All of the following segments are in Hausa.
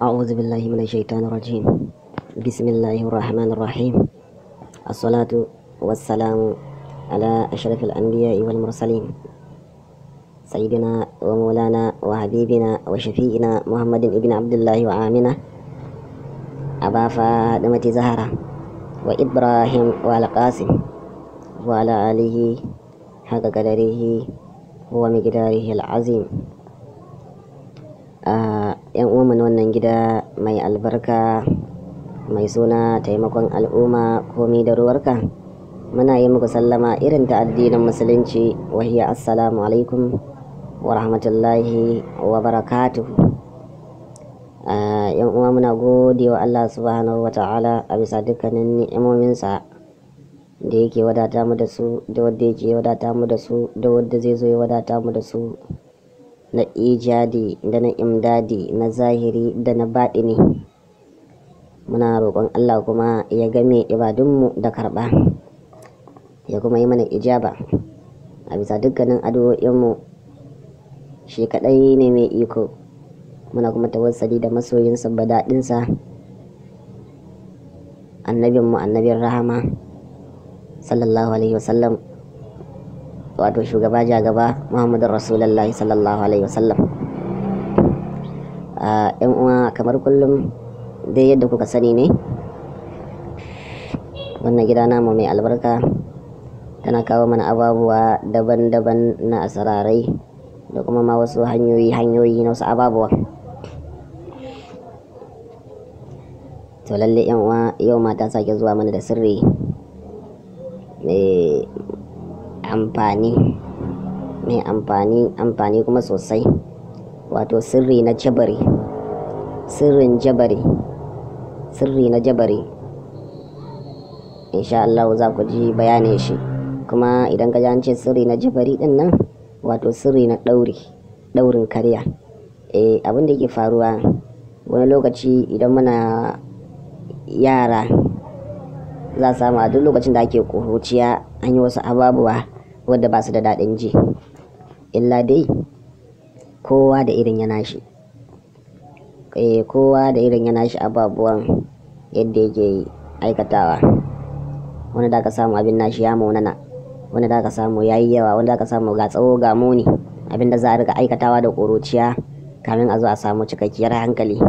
أعوذ بالله من الشيطان الرجيم بسم الله الرحمن الرحيم الصلاة والسلام على أشرف الأنبياء والمرسلين سيدنا ومولانا وحبيبنا وشفيئنا محمد بن عبد الله وعامنا أبا فاطمة زهرة وإبراهيم وعلى قاسم وعلى آله حق قدره ومقداره العظيم yan mu na wannan gida mai albarka mai suna taimakon al'umma komi da ruwarka muna yi muku sallama irin ta addinin musulunci wahiyar assalamu alaikum wa rahmatullahi wa barakatu. yan uwa muna gode wa Allah subhanahu wa ta'ala a bisa dukkanin ni'imominsa da yake wadata mu da su da wadda yake wadata mu da su da wadda zai zo ya wadata mu da su na ijadi da na imdadi na zahiri da na baɗi baɗini muna roƙon Allah kuma ya game ibadunmu da karɓa ya kuma yi mana ijaba a bisa dukkanin addu'o'inmu shi kaɗai ne mai iko muna kuma ta tawassali da masoyinsa badaɗinsa annabinmu annabin rahama sallallahu alaihi wasallam wato shugaba gaba muhammadu rasulallah sallallahu alaihi wasallam ah, yan uwa kamar kullum dai yadda kuka sani ne wannan gida namu mai albarka tana kawo mana ababuwa daban-daban na asararai da kuma ma wasu hanyoyi hanyoyi na wasu ababuwa to lalle yan uwa yau ma ta sake zuwa mana da sirri eh, amfani mai amfani amfani kuma sosai wato sirri na jabari sirrin jabari sirri na jabari insha Allah za ku ji bayanin shi kuma idan ka ji an ce sirri na jabari din nan wato sirri na ɗauri ɗaurin karya eh abin da yake faruwa wani lokaci idan muna yara za samu a duk lokacin da ake ƙuruciya an yi wasu ababuwa wadda ba su da daɗin ji illa dai kowa da irin yana shi eh, kowa da irin yana shi ababuwan yadda yake aikatawa wani da aka samu abin nashi ya maunana wani da aka samu ya yi yawa wani da aka samu ga tsawo ga muni abin da za a riga aikatawa da ƙuruciya kamin a zo a samu cikakkiyar hankali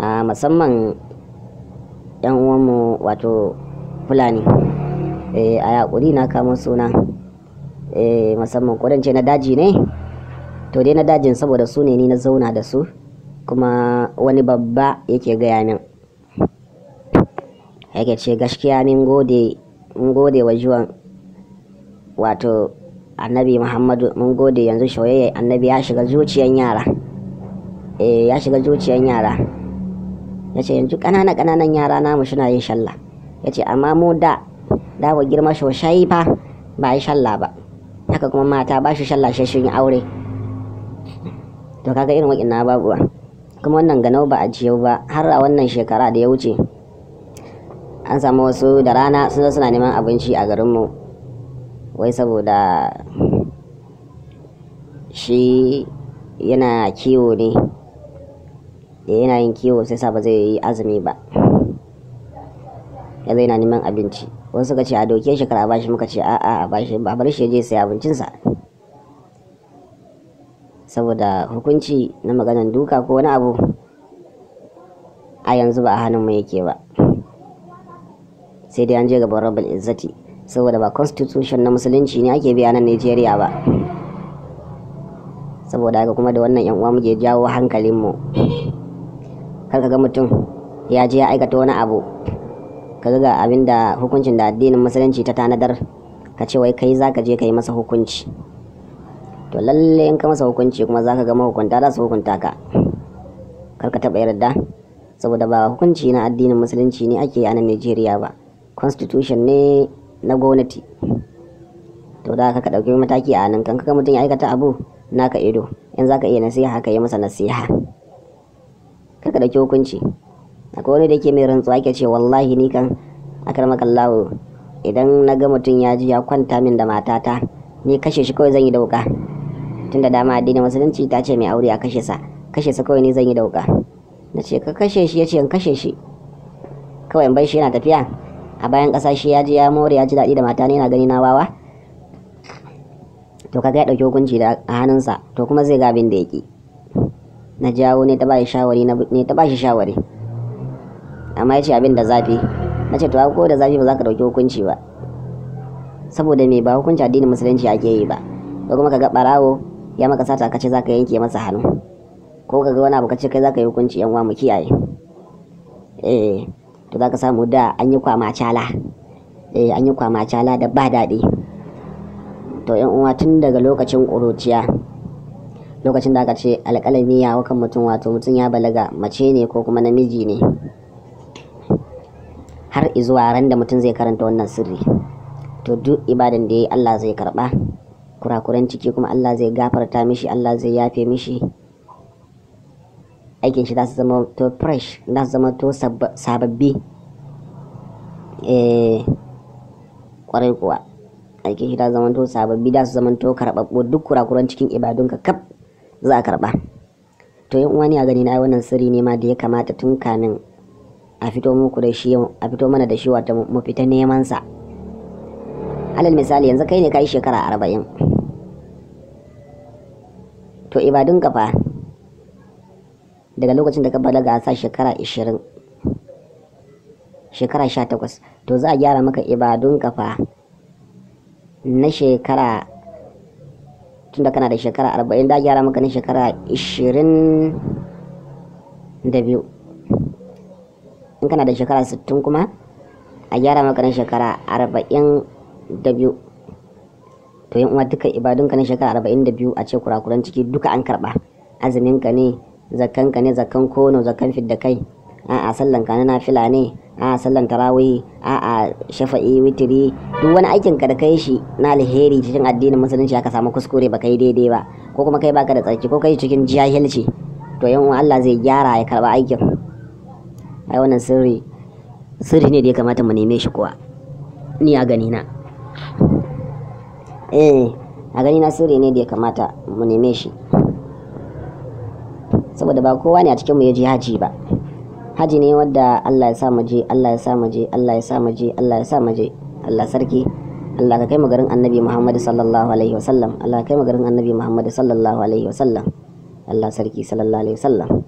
a musamman yan uwanmu wato fulani eh, a yaƙuri na kamo suna Eh, musamman ko ce na daji ne to dai na dajin saboda su ne ni na zauna da su kuma wani babba yake gaya min yake ce gaskiya min gode mun gode wa juwan wato annabi muhammadu mun gode yanzu shoyayya annabi ya shiga zuciyan yara eh ya shiga zuciyan yara ya ce yanzu ƙanana ƙananan yara namu suna yin shalla ya ce amma mu da dawo girma shoshai fa ba yi shalla ba haka kuma mata ba shi shallashe shi aure to kaga irin na babuwa kuma wannan ganau ba a jiyau ba har a wannan shekara da ya wuce an samu wasu da rana sun zo suna neman abinci a garinmu wai saboda shi yana kiwo ne da yana yin kiwo sai sa ba zai yi azumi ba yanzu yana neman abinci wasu suka ce a doke shi kara a bashi muka ce a'a a bashi ba bar shi je sai abincinsa saboda hukunci na maganan duka ko wani abu a yanzu ba a hannunmu yake ba sai dai an je gaban rabin izzati saboda ba constitution na musulunci ne ake biya nan Najeriya ba saboda haka kuma da wannan yan uwa muke jawo hankalinmu kar ka ga mutum ya je ya aikata wani abu ka ga abin da hukuncin da addinin musulunci ta tanadar ka ce wai kai za ka je ka yi masa hukunci to lalle in ka masa hukunci kuma za ka ga mahukunta za su hukunta ka kar ka taɓa yarda saboda ba hukunci na addinin musulunci ne ake a nigeria ba constitution ne na gwamnati to da ka ɗauki mataki a nan kan mutum ya aikata abu naka ido in za ka iya nasiha ka yi masa nasiha kar ka ɗauki hukunci akwai wani da ke mai rantsuwa ke ce wallahi ni kan akarmaka lawo idan na ga mutum ya ji ya kwanta min da matata ni kashe shi kawai zan yi dauka tunda dama addinin musulunci ta ce mai aure a kashe sa kashe sa kawai ni zan yi dauka na ce ka kashe shi ya ce in kashe shi kawai in bai shi yana tafiya a bayan ƙasa shi ya ji ya more ya ji daɗi da mata ne yana gani na wawa to kaga ya ɗauki hukunci da a hannunsa to kuma zai ga abin da yake na jawo ne ta ba shi shawari amma ya ce abin da zafi na ce to ko da zafi ba za ka ɗauki hukunci ba saboda me ba hukunci addinin musulunci ake yi ba ko kuma ka ga ɓarawo ya maka sata ka ce za ka yanke masa hannu ko ka ga wani abu ka ce kai za ka yi hukunci yan uwa mu kiyaye eh to za ka samu da an yi kwama cala eh an yi kwama cala da ba daɗi to yan uwa tun daga lokacin ƙuruciya lokacin da aka ce alƙalami ya wakan mutum wato mutum ya balaga mace ne ko kuma namiji ne har izuwa ran da mutum zai karanta wannan sirri to duk ibadan da yayi Allah zai karba kurakuran ciki kuma Allah zai gafarta mishi Allah zai yafe mishi aikin shi za su zama to fresh za su zama to sababbi eh kwarai kuwa aikin shi za su zama to sababbi za su zama to karɓaɓɓu duk kurakuran cikin ibadunka kaf za a karɓa to yin uwa ne a gani na wannan sirri ne ma da ya kamata tun kanin? a fito muku da shi a fito mana da shi wata mu fita neman sa alal misali yanzu kai ne kai shekara arba'in to ibadun ka fa daga lokacin da ka balaga sa shekara ishirin shekara sha takwas to za a gyara maka ibadun ka fa na shekara da kana da shekara arba'in da gyara maka na shekara ishirin da biyu in kana da shekara 60 kuma a gyara maka na shekara 42 to yin uwa duka ibadunka na shekara 42 a ce kurakuran ciki duka an karba azumin ka ne zakkan ka ne zakkan kono zakkan fidda kai a'a sallan ka na nafila ne a'a sallan tarawih a'a shafa'i witiri duk wani aikin ka da kai shi na alheri cikin addinin musulunci aka samu kuskure ba kai daidai ba ko kuma kai baka da tsarki ko kai cikin jahilci to yan Allah zai gyara ya karba aikin ai wannan sirri sirri ne da ya kamata mu neme shi kuwa ni a gani na eh a gani na sirri ne da ya kamata mu neme shi saboda ba kowa ne a cikin mu ya je haji ba haji ne wadda Allah ya sa mu je Allah ya sa mu je Allah ya sa mu je Allah ya sa mu je Allah sarki Allah ka kai mu garin Annabi Muhammad sallallahu alaihi wasallam Allah ka kai mu garin Annabi Muhammad sallallahu alaihi wasallam Allah sarki sallallahu alaihi wasallam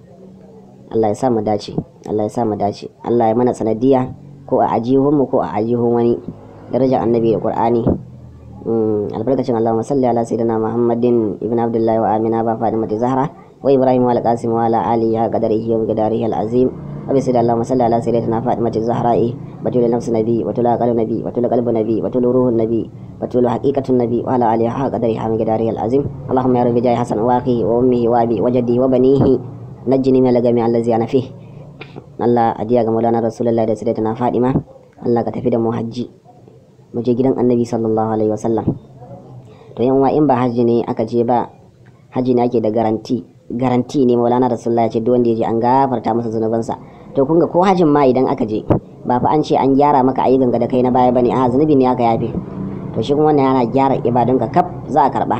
Allah ya sa mu dace Allah ya sa mu dace Allah ya mana sanadiya ko a ajihun mu ko a ajihun wani darajar annabi da qur'ani mm, albarkacin wa salli ala sayyidina Muhammadin ibn Abdullahi wa Amina ba Fatimatu Zahra wa Ibrahim wa al-Qasim wa ala alihi wa qadarihi wa qadarihi al-azim أبي سيد اللهم صل على سيدتنا فاطمة الزهراء بتول نفس النبي بتول عقل النبي بتول قلب النبي بتول روح النبي بتول حقيقة النبي وعلى عليها قدرها من قدره العظيم اللهم يا رب جاي حسن واخيه وأمه وأبي وجده وبنيه najjini mai lagami Allah ziyana fi Allah adiya ga maulana rasulullahi da sirri na fadima Allah ka tafi da mu hajji mu je gidan annabi sallallahu alaihi wasallam to yan in ba hajji ne aka je ba hajji ne ake da garanti garanti ne maulana rasulullahi ya ce duk wanda ya je an gafarta masa zunubansa to kun ga ko hajjin ma idan aka je ba fa an ce an gyara maka ayi ganga da kai na baya bane a zunubi ne aka yafe to shi kuma wannan yana gyara ibadunka kaf za a karba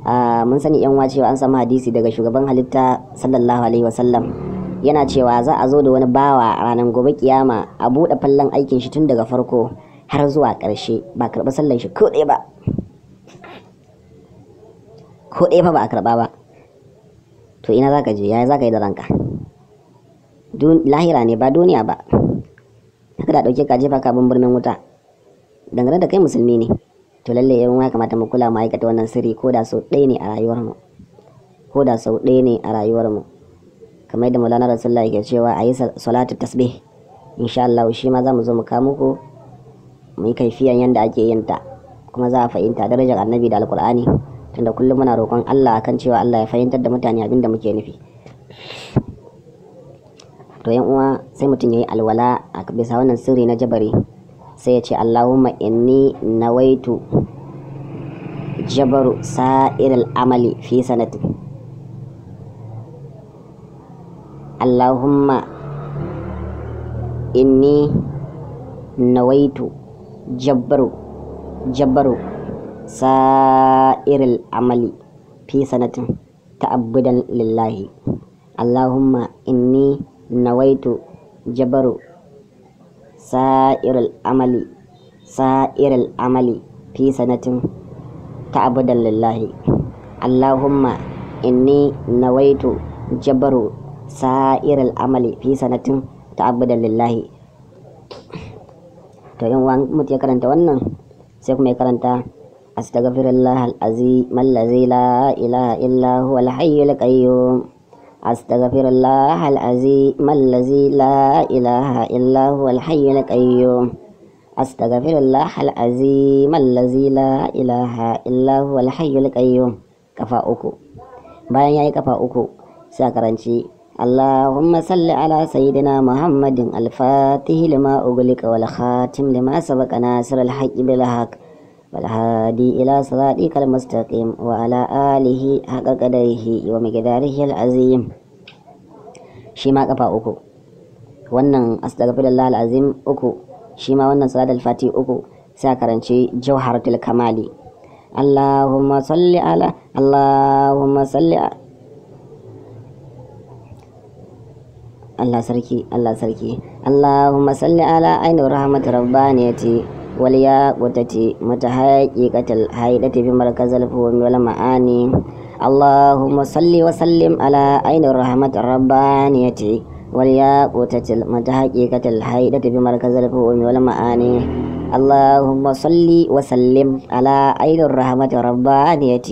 Ah, mun sani yan cewa an samu hadisi daga shugaban halitta sallallahu alaihi wasallam yana cewa za a zo da wani bawa a ranar gobe kiyama a buɗe fallon aikin shi tun daga farko har zuwa ƙarshe ba karɓi sallan shi ko ɗaya ba ko ɗaya fa ba a karɓa ba to ina zaka je yaya zaka yi da ranka lahira ne ba duniya ba haka da ɗauke ka jefa ka bin birnin wuta dangane da kai musulmi ne to lalle yan ya kamata mu kula mu aikata wannan sirri ko da sau ɗaya ne a rayuwar mu ko da sau ɗaya ne a mu kamar yadda maulana rasulullah ke cewa a yi salatu tasbih insha Allah shi ma za mu zo mu kawo muku mu yi kaifiyan yadda ake yin ta kuma za a fahimta darajar annabi da alkur'ani tunda kullum muna roƙon Allah akan cewa Allah ya fahimtar da mutane abin da muke nufi to yan uwa sai mutum ya yi alwala a bisa wannan sirri na jabari sai ya ce Allahumma inni nawaitu jabaru sa'ir amali fi sanati Allahumma inni nawaitu jabaru jabaru sa'ir amali fi sanatin ta'abbudan lillahi Allahumma inni nawaitu jabaru sa'irul amali sa'irul amali fi sanatin ta'abudan lillahi Allahumma inni nawaitu jabaru sa'irul amali fi sanatin ta'abudan lillahi to in wa mutu ya karanta wannan sai kuma ya karanta astaghfirullah al-azim allazi la ilaha illa huwa al-hayyul qayyum أستغفر الله العظيم الذي لا إله إلا هو الحي القيوم أستغفر الله العظيم الذي لا إله إلا هو الحي القيوم كفا أكو bayan yayi kafa uku sai karanci Allahumma salli ala sayyidina Muhammadin al-fatihi lima ughliqa wal khatim lima sabaqa والهادي إلى صراطك المستقيم وعلى آله حق قدره ومقداره العظيم شيما قفا أكو wannan astaghfirullah alazim uku shi wannan salatul fati uku sai karanci jawharatul kamali Allahumma salli ala Allahumma salli Allah sarki Allah والياقوتة متحققة الحيدة في مركز الفهم والمعاني اللهم صل وسلم على عين الرحمة الربانية والياقوتة المتحققة الحيدة في مركز الفهم والمعاني اللهم صل وسلم على عين الرحمة الربانية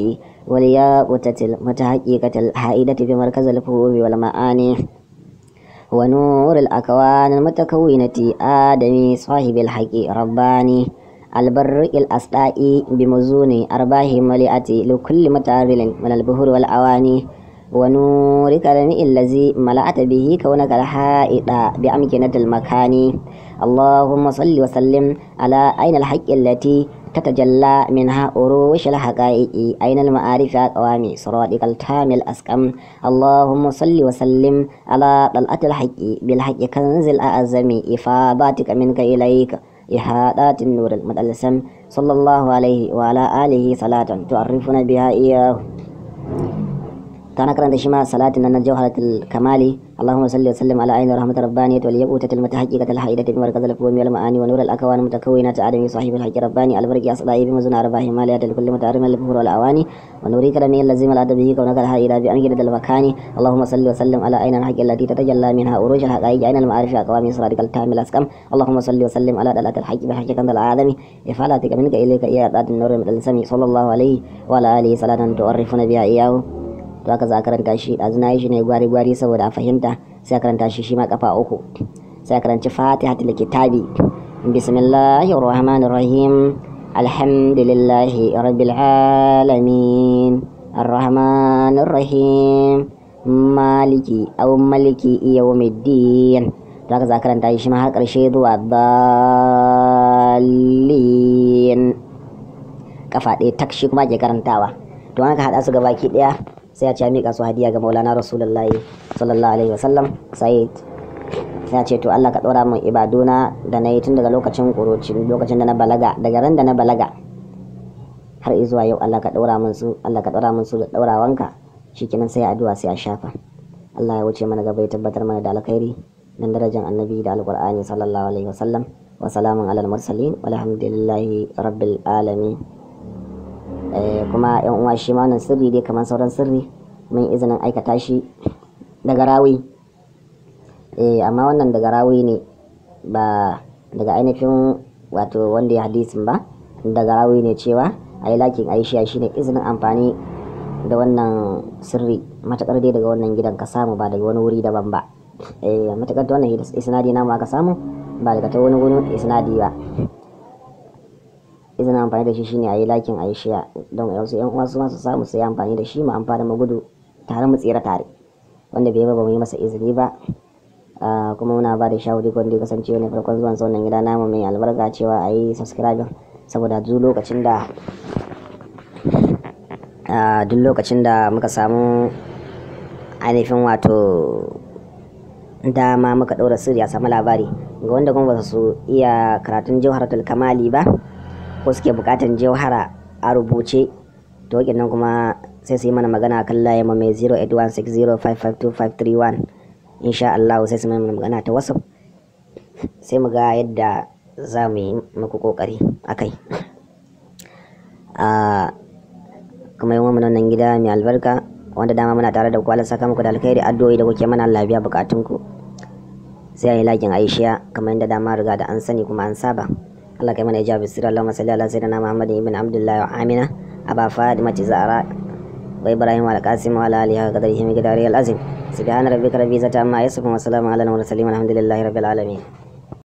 والياقوتة المتحققة الحيدة في مركز الفهم والمعاني ونور الأكوان المتكونة آدمي صاحب الحق رباني البر الأصداء بمزون أرباه ملئة لكل متعرل من البهور والأواني ونور كرم الذي ملأت به كونك الحائط بأمكنة المكان اللهم صل وسلم على أين الحق التي تتجلى منها أروش الحقائق أين المعارف القوام صراطك التام الأسكم اللهم صل وسلم على طلعة الحق بالحق كنز الأعظم إفاضاتك منك إليك إحادات النور المدلسم صلى الله عليه وعلى آله صلاة تعرفنا بها إياه تانكرن دشما صلاة نن الجوهرة الكمالي اللهم صل وسلم على عين رحمة ربانية وليبوتة المتحققة الحائدة بمركز الفهوم والمعاني ونور الأكوان متكونات عدم صاحب الحج رباني البرج أصدائي بمزن عرباه مالية لكل متعرم البهور والأواني ونوري كرمي اللزيم العدبي كونك الحائدة بأمجد المكان اللهم صل وسلم على عين الحج التي تتجلى منها أروج الحقائج عين المعارف أقوام صراطك التام الأسكم اللهم صل وسلم على دلالة الحج بحج كنز العالم إفعالاتك منك إليك إياد النور من السمي صلى الله عليه وعلى آله صلاة تعرفنا بها إياه to haka za a karanta shi ɗazu na yi shi ne gwari gwari saboda a fahimta sai a karanta shi shi ma kafa uku sai a karanci fatihatul kitabi bismillahir rahmanir rahim alhamdulillahi rabbil alamin arrahmanir rahim maliki aw maliki yawmiddin to haka za a karanta shi ma har karshe zuwa dalilin kafa ɗaya tak shi kuma ke karantawa to an ka haɗa su gabaki ɗaya sai a ce miƙa su hadiya ga maulana rasulullahi sallallahu alaihi wasallam sai ya ce to Allah ka ɗora min ibaduna da na yi tun daga lokacin ƙuruci lokacin da na balaga daga ran da na balaga har izuwa yau Allah ka ɗora min su Allah ka ɗora min su da ɗaurawanka shikenan sai addu'a sai a shafa Allah ya wuce mana gaba ya tabbatar mana da alkhairi dan darajar annabi da alqur'ani sallallahu alaihi wasallam wa salamun alal mursalin walhamdulillahi rabbil alamin Eh, kuma yan uwa shi ma wannan sirri dai kamar sauran sirri mun izinin aikata shi daga rawi eh, amma wannan daga rawi ne ba daga ainihin wato wanda ya hadisin ba daga rawi ne cewa a yi lakin aishiya shine izinin amfani da wannan sirri matakar dai daga wannan gidan ka samu ba daga wani wuri daban ba eh, matakar da wannan isnadi namu aka samu ba daga ta wani wurin isnadi ba izinin amfani da shi shine a yi lakin a yi shiya don yau sai yan uwa su ma su samu sai yi amfani da shi mu amfani mu gudu tare mu tsira tare wanda bai ba mu yi masa izini ba kuma muna ba da shawari gwanda kasance wani farkon zuwan saunan gida namu mai albarka cewa a yi subscribe saboda duk lokacin da duk lokacin da muka samu ainihin wato dama muka ɗaura sirri a samu labari ga wanda kuma ba su iya karatun jauharatul kamali ba ko suke bukatan jauhara a rubuce to nan kuma sai su yi mana magana kan laye ma mai 0816055251 insha Allah sai su yi mana magana ta wasu sai mu ga yadda za mu yi muku kokari akai ah, kuma yi mu nan gida mai albarka wanda dama muna tare da kwalar saka muku da alkhairi addu'o'i da kuke mana lafiya bukatun bukatunku sai a yi lakin aishiya kamar yadda dama riga da an sani kuma an saba الله كمان إجابة السر اللهم صل على سيدنا محمد بن عبد الله وعامنا أبا فاطمة الزهراء وإبراهيم وعلى قاسم وعلى آله وقدره مقداره العظيم سبحان ربك رب العزة عما يصفون وسلام على المرسلين والحمد لله رب العالمين